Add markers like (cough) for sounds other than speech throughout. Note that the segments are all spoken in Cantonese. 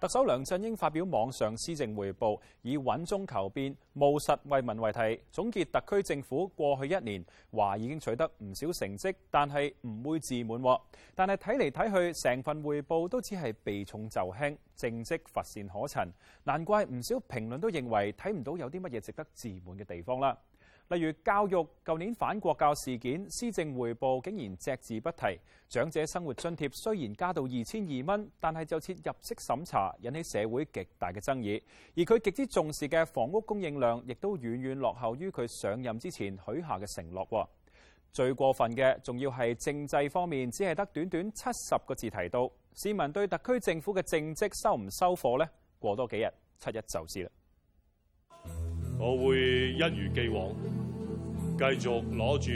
特首梁振英發表網上施政匯報，以穩中求變、務實為民為題，總結特區政府過去一年，話已經取得唔少成績，但係唔會自滿。但係睇嚟睇去，成份匯報都只係避重就輕，政績乏善可陳，難怪唔少評論都認為睇唔到有啲乜嘢值得自滿嘅地方啦。例如教育，舊年反國教事件，施政匯報竟然隻字不提；長者生活津貼雖然加到二千二蚊，但係就設入息審查，引起社會極大嘅爭議。而佢極之重視嘅房屋供應量，亦都遠遠落後於佢上任之前許下嘅承諾。最過分嘅，仲要係政制方面，只係得短短七十個字提到。市民對特區政府嘅政績收唔收貨呢？過多幾日，七一就知啦。我會一如既往，繼續攞住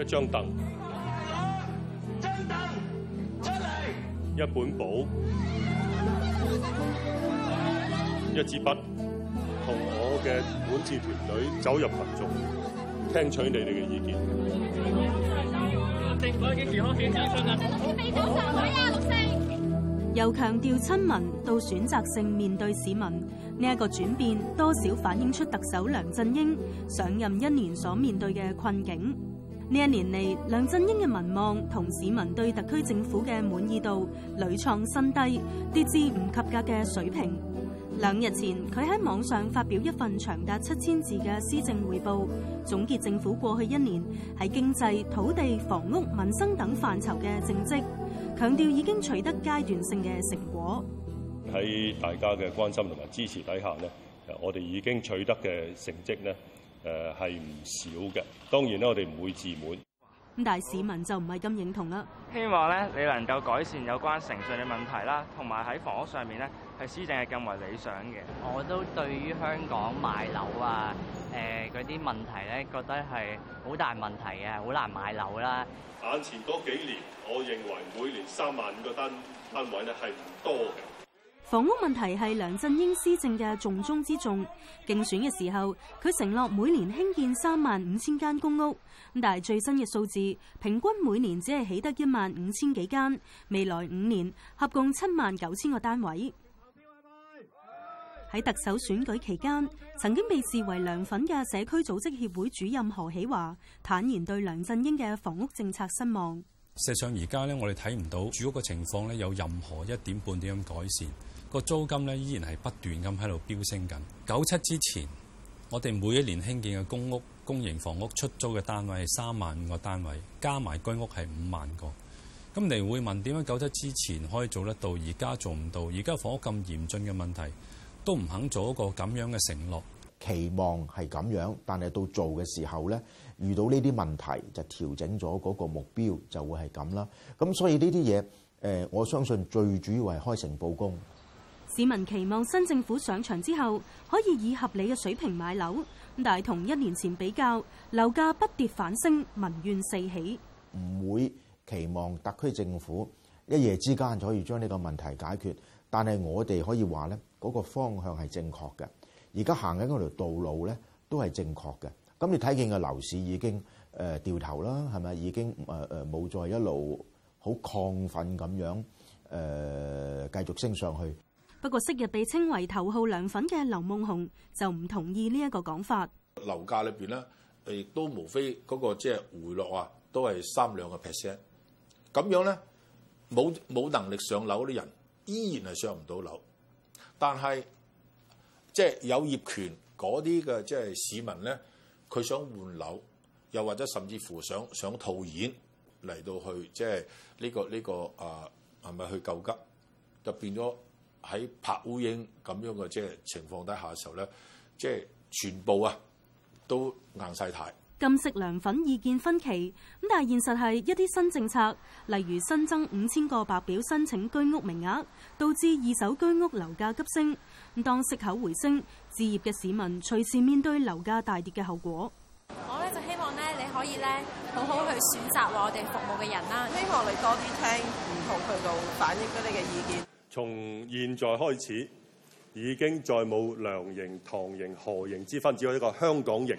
一張凳、一張凳、出嚟，一本簿、一支筆，同我嘅管治團隊走入群眾，聽取你哋嘅意見。定唔幾時開始徵啊？由強調親民到選擇性面對市民，呢一個轉變多少反映出特首梁振英上任一年所面對嘅困境。呢一年嚟，梁振英嘅民望同市民對特區政府嘅滿意度屢創新低，跌至唔及格嘅水平。兩日前，佢喺網上發表一份長達七千字嘅施政匯報，總結政府過去一年喺經濟、土地、房屋、民生等範疇嘅政績。強調已經取得階段性嘅成果。喺大家嘅關心同埋支持底下咧，我哋已經取得嘅成績咧，誒係唔少嘅。當然咧，我哋唔會自滿。咁但係市民就唔係咁認同啦。希望咧你能夠改善有關誠信嘅問題啦，同埋喺房屋上面咧，係施政係更為理想嘅。我都對於香港買樓啊，誒嗰啲問題咧，覺得係好大問題嘅，好難買樓啦。眼前嗰幾年，我認為每年三萬五個單單位咧係唔多。房屋問題係梁振英施政嘅重中之重。競選嘅時候，佢承諾每年興建三萬五千間公屋，咁但係最新嘅數字，平均每年只係起得一萬五千幾間。未來五年合共七萬九千個單位。喺特首選舉期間，曾經被視為梁粉嘅社區組織協會主任何喜華，坦然對梁振英嘅房屋政策失望。事實上，而家呢，我哋睇唔到住屋嘅情況呢有任何一點半點咁改善。個租金呢依然係不斷咁喺度飆升緊。九七之前，我哋每一年興建嘅公屋、公營房屋出租嘅單位係三萬五個單位，加埋居屋係五萬個。咁你會問點樣？九七之前可以做得到，而家做唔到。而家房屋咁嚴峻嘅問題。都唔肯做一個咁樣嘅承諾，期望係咁樣，但係到做嘅時候咧，遇到呢啲問題就調整咗嗰個目標就會，係咁啦。咁所以呢啲嘢，誒我相信最主要係開誠布公。市民期望新政府上場之後可以以合理嘅水平買樓，但係同一年前比較，樓價不跌反升，民怨四起。唔會期望特區政府一夜之間就可以將呢個問題解決。但係我哋可以話咧，個方向係正確嘅。而家行緊嗰條道路咧，都係正確嘅。咁你睇見個樓市已經誒掉頭啦，係咪已經誒誒冇再一路好亢奮咁樣誒繼續升上去？不過昔日被稱為頭號梁粉嘅劉夢熊就唔同意呢一個講法。樓價裏邊咧，亦都無非嗰個即係回落啊，都係三兩個 percent。咁樣咧，冇冇能力上樓啲人，依然係上唔到樓，但係即係有業權嗰啲嘅即係市民咧，佢想換樓，又或者甚至乎想想套現嚟到去即係呢個呢個啊係咪去救急？就變咗喺拍烏蠅咁樣嘅即係情況底下嘅時候咧，即係全部啊都硬晒太。禁食糧粉意見分歧，咁但係現實係一啲新政策，例如新增五千個白表申請居屋名額，導致二手居屋樓價急升。咁當食口回升，置業嘅市民隨時面對樓價大跌嘅後果。我呢就希望呢，你可以呢好好去選擇我哋服務嘅人啦。希望你多啲聽，唔同渠道反映咗你嘅意見。從現在開始，已經再冇梁營、唐營、何營之分，只有一個香港營。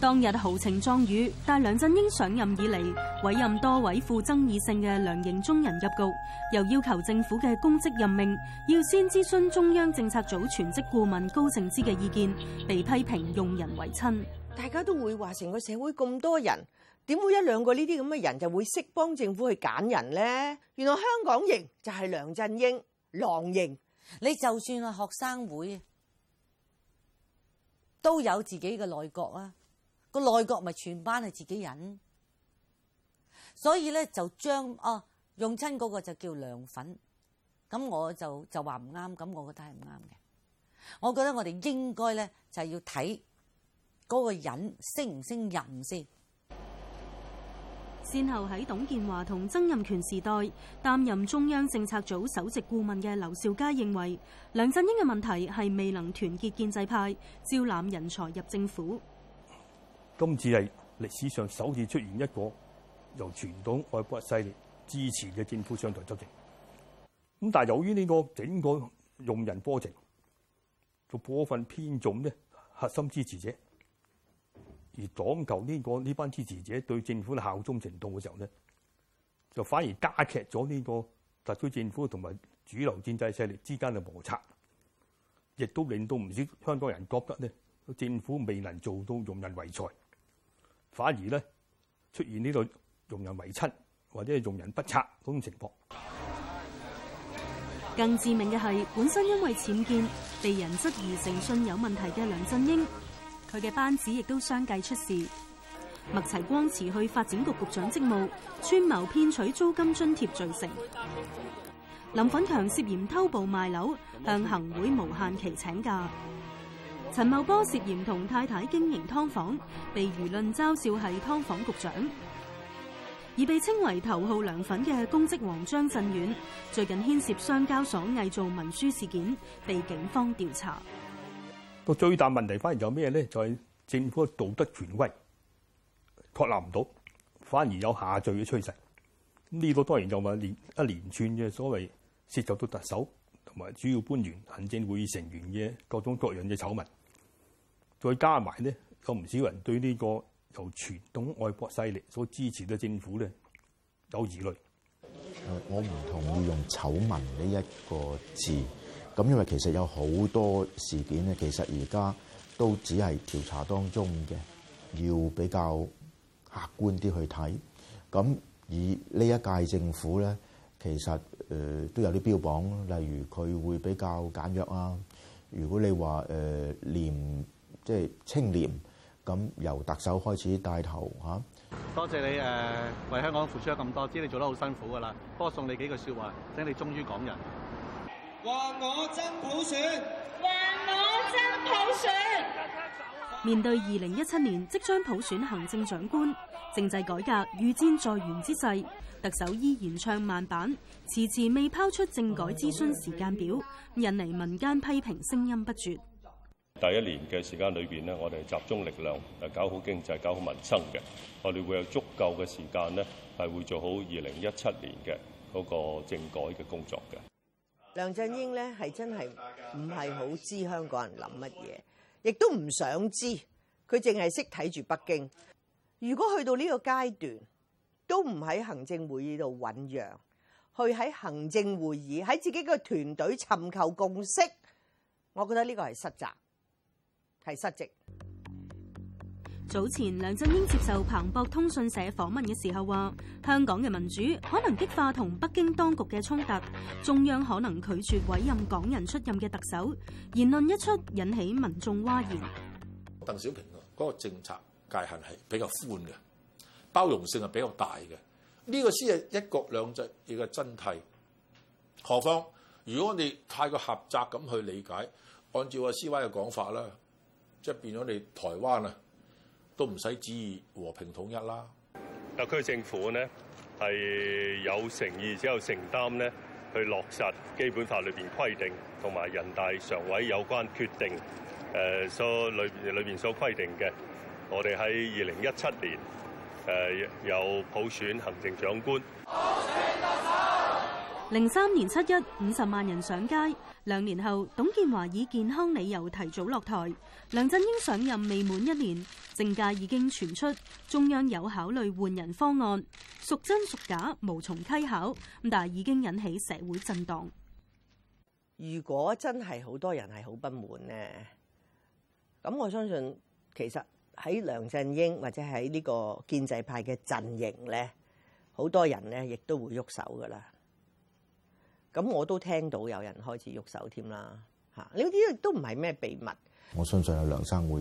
當日豪情壯語，但梁振英上任以嚟委任多位富爭議性嘅梁營中人入局，又要求政府嘅公職任命要先諮詢中央政策組全職顧問高靜芝嘅意見，被批評用人為親。大家都會話，成個社會咁多人，點會一兩個呢啲咁嘅人就會識幫政府去揀人呢？原來香港營就係梁振英狼營，你就算係學生會都有自己嘅內閣啊。個內閣咪全班係自己人，所以咧就將哦用親嗰個就叫梁粉，咁我就就話唔啱，咁我覺得係唔啱嘅。我覺得我哋應該咧就係要睇嗰個人適唔適任先。先後喺董建華同曾蔭權時代擔任中央政策組首席顧問嘅劉兆佳認為，梁振英嘅問題係未能團結建制派，招攬人才入政府。今次係歷史上首次出現一個由傳統愛國勢力支持嘅政府上台執政。咁但係由於呢個整個用人過程，就過分偏重咧核心支持者，而講求呢個呢班支持者對政府嘅效忠程度嘅時候咧，就反而加劇咗呢個特區政府同埋主流建制勢力之間嘅摩擦，亦都令到唔少香港人覺得咧政府未能做到用人唯才。反而咧出現呢個用人唯親或者係用人不察嗰種情況。更致命嘅係，本身因為僭建被人質疑誠信有問題嘅梁振英，佢嘅班子亦都相繼出事。麥齊光辭去發展局局長職務，串謀騙取租金津貼罪成。林奮強涉嫌偷步賣樓，向行會無限期請假。陳茂波涉嫌同太太經營劏房，被輿論嘲笑係劏房局長；而被稱為頭號梁粉嘅公職王張震遠，最近牽涉商交所偽造文書事件，被警方調查。個最大問題反而有咩咧？就係、是、政府嘅道德權威確立唔到，反而有下墜嘅趨勢。呢個當然就話連一連串嘅所謂涉及到特首同埋主要官員、行政會議成員嘅各種各樣嘅醜聞。再加埋咧，有唔少人對呢個由傳統外國勢力所支持嘅政府咧，有疑慮。我唔同意用醜聞呢一個字，咁因為其實有好多事件咧，其實而家都只係調查當中嘅，要比較客觀啲去睇。咁以呢一屆政府咧，其實、呃、都有啲標榜，例如佢會比較簡約啊。如果你話誒廉即係青年咁，由特首開始帶頭嚇。多謝你誒為香港付出咗咁多，知你做得好辛苦㗎啦。多送你幾句説話，請你忠於港人。話我真普選，話我真普選。我普選啊啊、面對二零一七年即將普選行政長官政制改革預戰在懸之勢，特首依然唱慢板，遲遲未拋出政改諮詢時間表，引嚟民間批評聲音不絕。第一年嘅時間裏邊咧，我哋集中力量嚟搞好經濟、搞好民生嘅。我哋會有足夠嘅時間咧，係會做好二零一七年嘅嗰個政改嘅工作嘅。梁振英咧係真係唔係好知香港人諗乜嘢，亦都唔想知。佢淨係識睇住北京。如果去到呢個階段都唔喺行政會議度醞釀，去喺行政會議喺自己個團隊尋求共識，我覺得呢個係失責。係失職。早前梁振英接受彭博通訊社訪問嘅時候話，香港嘅民主可能激化同北京當局嘅衝突，中央可能拒絕委任港人出任嘅特首。言論一出，引起民眾嘩然。鄧小平嗰個政策界限係比較寬嘅，包容性係比較大嘅。呢個先係一國兩制嘅真諦。何況，如果我哋太過狹窄咁去理解，按照阿施威嘅講法啦。即係變咗你台灣啊，都唔使旨意和平統一啦。特區政府咧係有誠意之後承擔咧去落實基本法裏邊規定同埋人大常委有關決定，誒、呃、所裏裏邊所規定嘅。我哋喺二零一七年誒、呃、有普選行政長官。零三年七一五十萬人上街，兩年後董建華以健康理由提早落台。梁振英上任未滿一年，政界已經傳出中央有考慮換人方案，屬真屬假無從稽考。咁但係已經引起社會震盪。如果真係好多人係好不滿呢？咁我相信其實喺梁振英或者喺呢個建制派嘅陣營呢，好多人呢亦都會喐手噶啦。咁我都聽到有人開始喐手添啦嚇，呢啲都唔係咩秘密。我相信啊，梁生會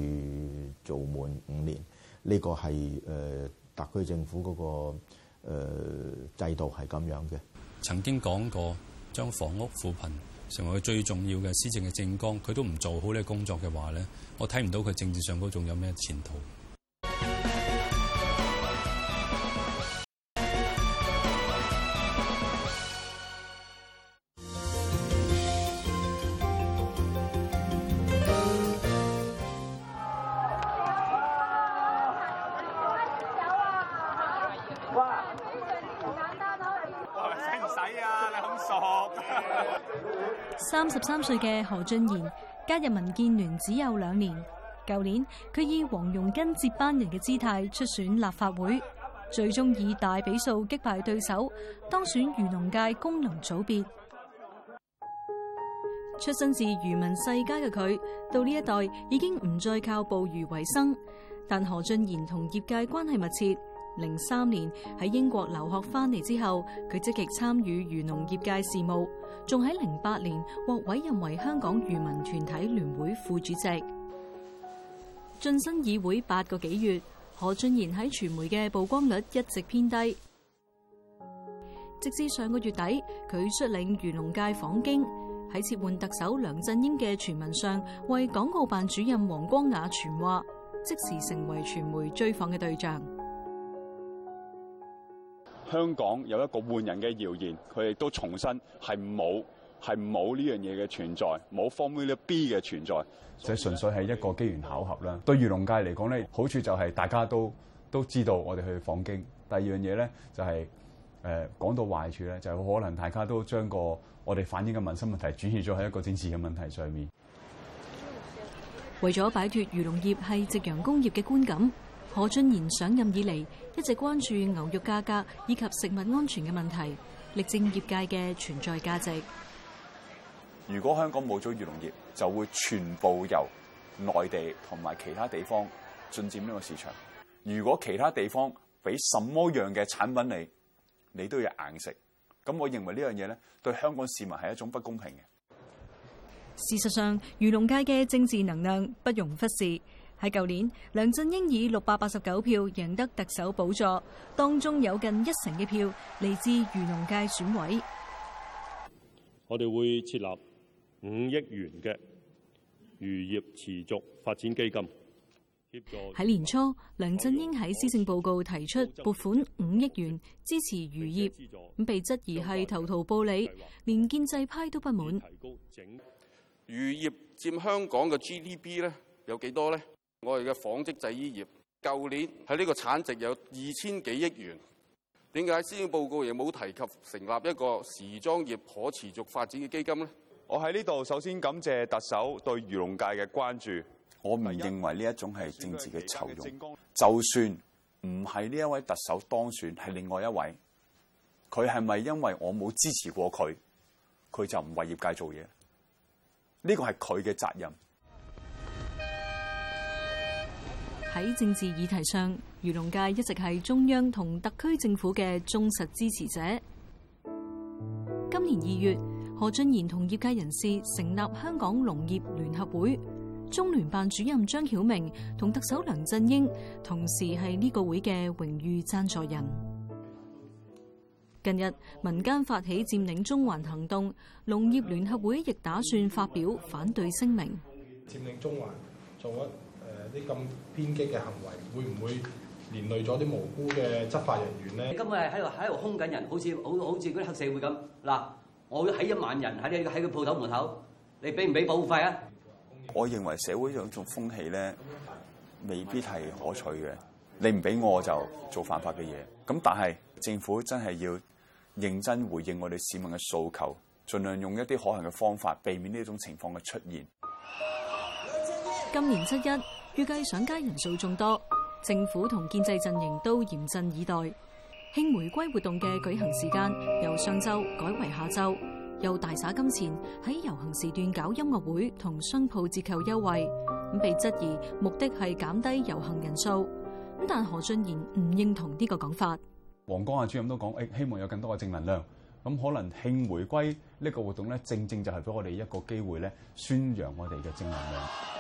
做滿五年，呢個係誒、呃、特區政府嗰個、呃、制度係咁樣嘅。曾經講過將房屋扶貧成為最重要嘅施政嘅政綱，佢都唔做好呢個工作嘅話咧，我睇唔到佢政治上仲有咩前途。三十三歲嘅何俊賢加入民建聯只有兩年，舊年佢以黃容根接班人嘅姿態出選立法會，最終以大比數擊敗對手當選漁農界功能組別。出身自漁民世家嘅佢，到呢一代已經唔再靠捕魚為生，但何俊賢同業界關係密切。零三年喺英國留學翻嚟之後，佢積極參與漁農業界事務，仲喺零八年獲委任為香港漁民團體聯會副主席。晉身議會八個幾月，何俊賢喺傳媒嘅曝光率一直偏低，直至上個月底，佢率領漁農界訪京，喺撤換特首梁振英嘅傳聞上，為港澳辦主任黃光雅傳話，即時成為傳媒追訪嘅對象。香港有一個換人嘅謠言，佢亦都重申係冇係冇呢樣嘢嘅存在，冇 Formula B 嘅存在。即係純粹係一個機緣巧合啦、嗯。對漁農界嚟講咧，好處就係大家都都知道我哋去訪京。第二樣嘢咧就係、係、誒、呃、講到壞處咧，就係、可能大家都將個我哋反映嘅民生問題轉移咗喺一個政治嘅問題上面。為咗擺脫漁農業係夕陽工業嘅觀感。何俊賢上任以嚟，一直關注牛肉價格以及食物安全嘅問題，力證業界嘅存在價值。如果香港冇咗漁農業，就會全部由內地同埋其他地方進佔呢個市場。如果其他地方俾什麼樣嘅產品你，你都要硬食，咁我認為呢樣嘢咧，對香港市民係一種不公平嘅。事實上，漁農界嘅政治能量不容忽視。喺舊年，梁振英以六百八十九票贏得特首寶座，當中有近一成嘅票嚟自漁農界選委。我哋會設立五億元嘅漁業持續發展基金，協助喺年初，梁振英喺施政報告提出撥款五億元支持漁業，咁被質疑係投桃報李，連建制派都不滿。漁業佔香港嘅 GDP 呢有幾多呢？我哋嘅紡織製衣業，舊年喺呢個產值有二千幾億元，點解施政報告亦冇提及成立一個時裝業可持續發展嘅基金咧？我喺呢度首先感謝特首對漁農界嘅關注。我唔係認為呢一種係政治嘅酬庸。就算唔係呢一位特首當選，係另外一位，佢係咪因為我冇支持過佢，佢就唔為業界做嘢？呢、這個係佢嘅責任。喺政治議題上，漁農界一直係中央同特區政府嘅忠實支持者。今年二月，何俊賢同業界人士成立香港農業聯合會，中聯辦主任張曉明同特首梁振英同時係呢個會嘅榮譽贊助人。近日，民間發起佔領中環行動，農業聯合會亦打算發表反對聲明。佔領中環，做乜？啲咁偏激嘅行為會唔會連累咗啲無辜嘅執法人員咧？你今日喺度喺度兇緊人，好似好好似嗰啲黑社會咁嗱。我會喺一萬人喺啲喺個鋪頭門口，你俾唔俾保護費啊？我認為社會有一種風氣咧，未必係可取嘅。你唔俾我就做犯法嘅嘢。咁但係政府真係要認真回應我哋市民嘅訴求，儘量用一啲可行嘅方法，避免呢種情況嘅出現。今年七一，預計上街人數眾多，政府同建制陣營都嚴陣以待。慶回歸活動嘅舉行時間由上周改為下周，又大灑金錢喺遊行時段搞音樂會同商鋪折扣優惠，咁被質疑目的係減低遊行人數。咁但何俊賢唔認同呢個講法。黃江亞主任都講，誒，希望有更多嘅正能量。咁可能慶回歸呢個活動咧，正正就係俾我哋一個機會咧，宣揚我哋嘅正能量。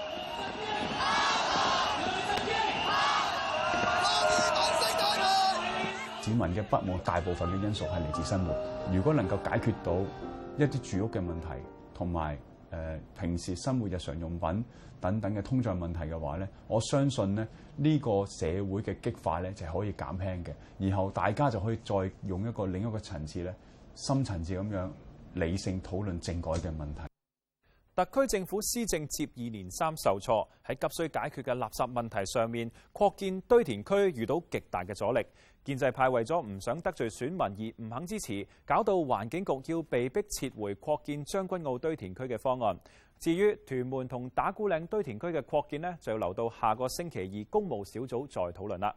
市民嘅不滿大部分嘅因素係嚟自生活。如果能夠解決到一啲住屋嘅問題，同埋誒，平時生活日常用品等等嘅通脹問題嘅話咧，我相信咧呢個社會嘅激化咧就係可以減輕嘅。然後大家就可以再用一個另一個層次咧，深層次咁樣理性討論政改嘅問題。特區政府施政接二連三受挫，喺急需解決嘅垃圾問題上面擴建堆填區，遇到極大嘅阻力。建制派為咗唔想得罪選民而唔肯支持，搞到環境局要被逼撤回擴建將軍澳堆填區嘅方案。至於屯門同打鼓嶺堆填區嘅擴建呢就留到下個星期二公務小組再討論啦。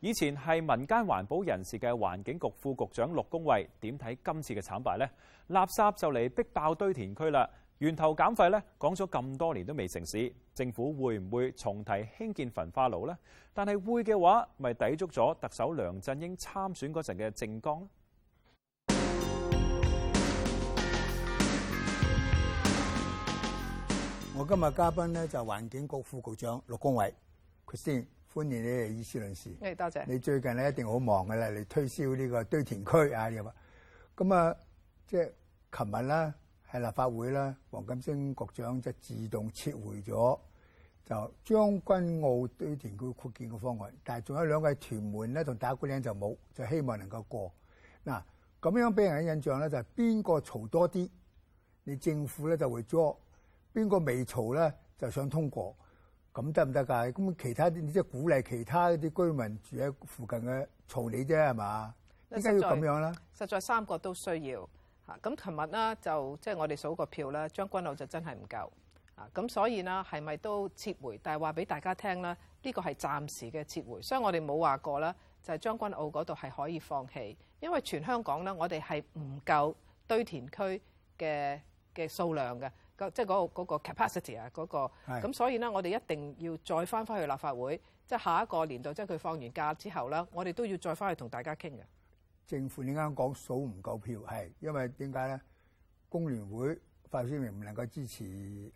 以前係民間環保人士嘅環境局副局長陸恭蕙點睇今次嘅慘敗呢？垃圾就嚟逼爆堆填區啦！源頭減廢咧，講咗咁多年都未成事，政府會唔會重提興建焚化爐咧？但係會嘅話，咪抵觸咗特首梁振英參選嗰陣嘅政綱。我今日嘉賓咧就環境局副局長陸恭蕙，佢先歡迎你，議事論事。誒，多謝你最近咧一定好忙嘅啦，你推銷呢個堆填區啊又話，咁啊即係琴日啦。係立法會啦，黃錦星局長就自動撤回咗就將軍澳堆填區擴建嘅方案，但係仲有兩個係屯門咧同打鼓嶺就冇，就希望能夠過。嗱咁樣俾人嘅印象咧就係邊個嘈多啲，你政府咧就會捉；邊個未嘈咧就想通過，咁得唔得㗎？咁其他啲，即係鼓勵其他啲居民住喺附近嘅嘈你啫係嘛？依家要咁樣啦，實在三個都需要。咁琴日呢，就即係我哋數個票啦，將軍澳就真係唔夠，啊咁所以呢，係咪都撤回？但係話俾大家聽啦，呢個係暫時嘅撤回，所以我哋冇話過啦，就係將軍澳嗰度係可以放棄，因為全香港呢我哋係唔夠堆填區嘅嘅數量嘅，即係嗰個 capacity 啊、嗰個，嗰個咁，所以呢，我哋一定要再翻返去立法會，即係下一個年度，即係佢放完假之後啦，我哋都要再翻去同大家傾嘅。政府你啱講數唔夠票，係因為點解咧？工聯會發聲明唔能夠支持誒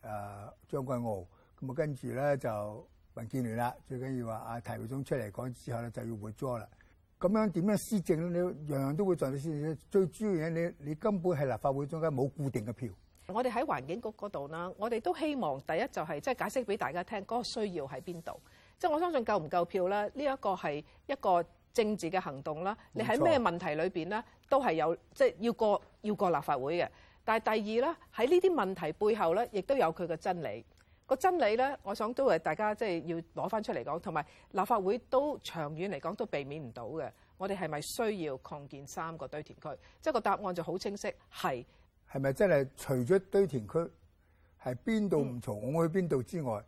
張軍浩，咁、呃、啊跟住咧就民建聯啦。最緊要話阿譚耀宗出嚟講之後咧，就要活捉啦。咁樣點樣施政咧？你樣樣都會做到施政。最主要嘢，你你根本係立法會中間冇固定嘅票。我哋喺環境局嗰度啦，我哋都希望第一就係、是、即係解釋俾大家聽嗰、那個需要喺邊度。即係我相信夠唔夠票咧，呢、這個、一個係一個。政治嘅行動啦，你喺咩問題裏邊咧，都係有即係要過要過立法會嘅。但係第二咧，喺呢啲問題背後咧，亦都有佢嘅真理。個真理咧，我想都係大家即係要攞翻出嚟講，同埋立法會都長遠嚟講都避免唔到嘅。我哋係咪需要擴建三個堆填區？即係個答案就好清晰，係。係咪真係除咗堆填區係邊度唔嘈，我、嗯、去邊度之外，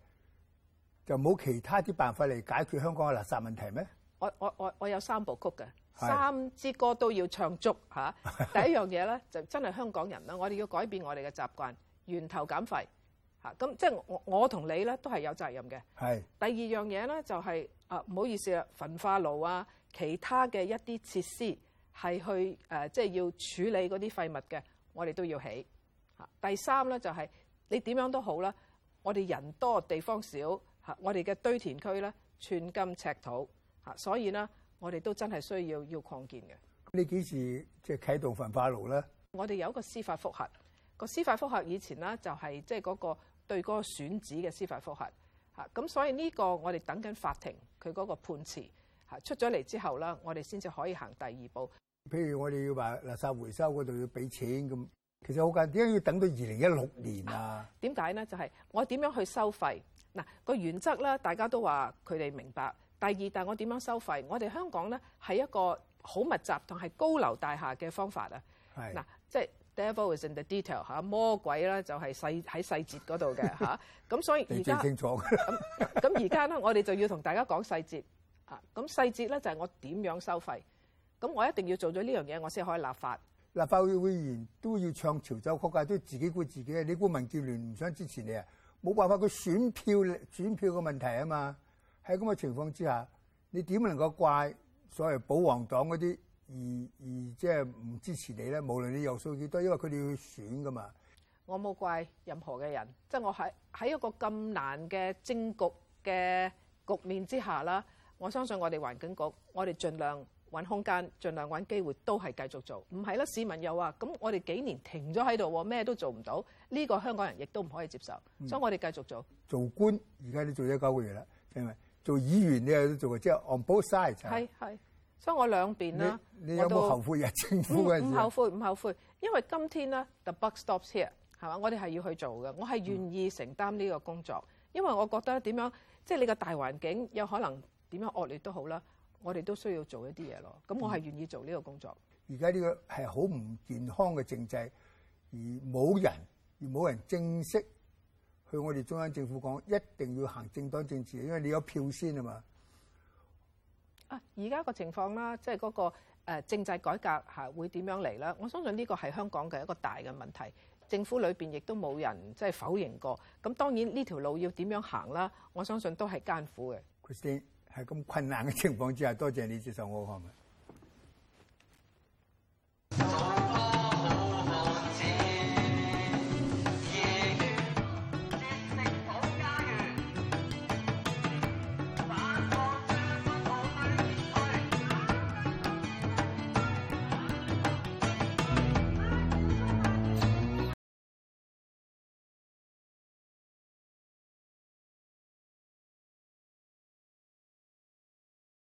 就冇其他啲辦法嚟解決香港嘅垃圾問題咩？我我我我有三部曲嘅三支歌都要唱足嚇、啊。第一樣嘢咧就真係香港人啦， (laughs) 我哋要改變我哋嘅習慣，源頭減廢嚇。咁、啊、即係我我同你咧都係有責任嘅。第二樣嘢咧就係、是、啊，唔好意思啦，焚化爐啊，其他嘅一啲設施係去誒，即、啊、係、就是、要處理嗰啲廢物嘅，我哋都要起嚇、啊。第三咧就係、是、你點樣都好啦，我哋人多地方少嚇、啊，我哋嘅堆填區咧寸金尺土。所以呢，我哋都真係需要要擴建嘅。你幾時即係啟動焚化爐呢？我哋有個個司法覆核個司法覆核，核，以前呢，就係即係嗰個對嗰個選址嘅司法覆核。咁所以呢個我哋等緊法庭佢嗰個判詞出咗嚟之後啦，我哋先至可以行第二步。譬如我哋要話垃圾回收嗰度要俾錢咁，其實好簡單，點解要等到二零一六年啊？點、啊、解呢？就係、是、我點樣去收費嗱、那個原則呢，大家都話佢哋明白。第二，但係我點樣收費？我哋香港咧係一個好密集同係高樓大廈嘅方法啊。嗱，即係 Devil is in the detail 嚇，魔鬼咧就係細喺細節嗰度嘅嚇。咁 (laughs) 所以而家清楚。咁而家咧，我哋就要同大家講細節啊。咁細節咧就係我點樣收費？咁我一定要做咗呢樣嘢，我先可以立法。立法會議員都要唱潮州曲啊，都自己顧自己嘅。你估民建聯唔想支持你啊，冇辦法，佢選票轉票嘅問題啊嘛。喺咁嘅情況之下，你點能夠怪所謂保皇黨嗰啲而而即係唔支持你咧？無論你有數幾多，因為佢哋要選㗎嘛。我冇怪任何嘅人，即係我喺喺一個咁難嘅政局嘅局面之下啦。我相信我哋環境局，我哋盡量揾空間，盡量揾機會，都係繼續做。唔係啦，市民又話咁，我哋幾年停咗喺度，咩都做唔到，呢個香港人亦都唔可以接受，所以我哋繼續做。嗯，做官而家都做咗九個月啦，係咪？做議員你又做啊，即係 on both sides，係係，所以我兩邊啦。你你有冇後悔入政府嗰陣時？唔後悔唔後悔，因為今天啦，the buck stops here，係嘛？我哋係要去做嘅，我係願意承擔呢個工作，因為我覺得點樣，即係你個大環境有可能點樣惡劣都好啦，我哋都需要做一啲嘢咯。咁我係願意做呢個工作。而家呢個係好唔健康嘅政制，而冇人而冇人正式。對我哋中央政府講，一定要行正黨政治，因為你有票先啊嘛。啊，而家個情況啦，即係嗰、那個、呃、政制改革下會點樣嚟啦？我相信呢個係香港嘅一個大嘅問題。政府裏邊亦都冇人即係否認過。咁當然呢條路要點樣行啦？我相信都係艱苦嘅。Christine，喺咁困難嘅情況之下，多謝你接受我嘅。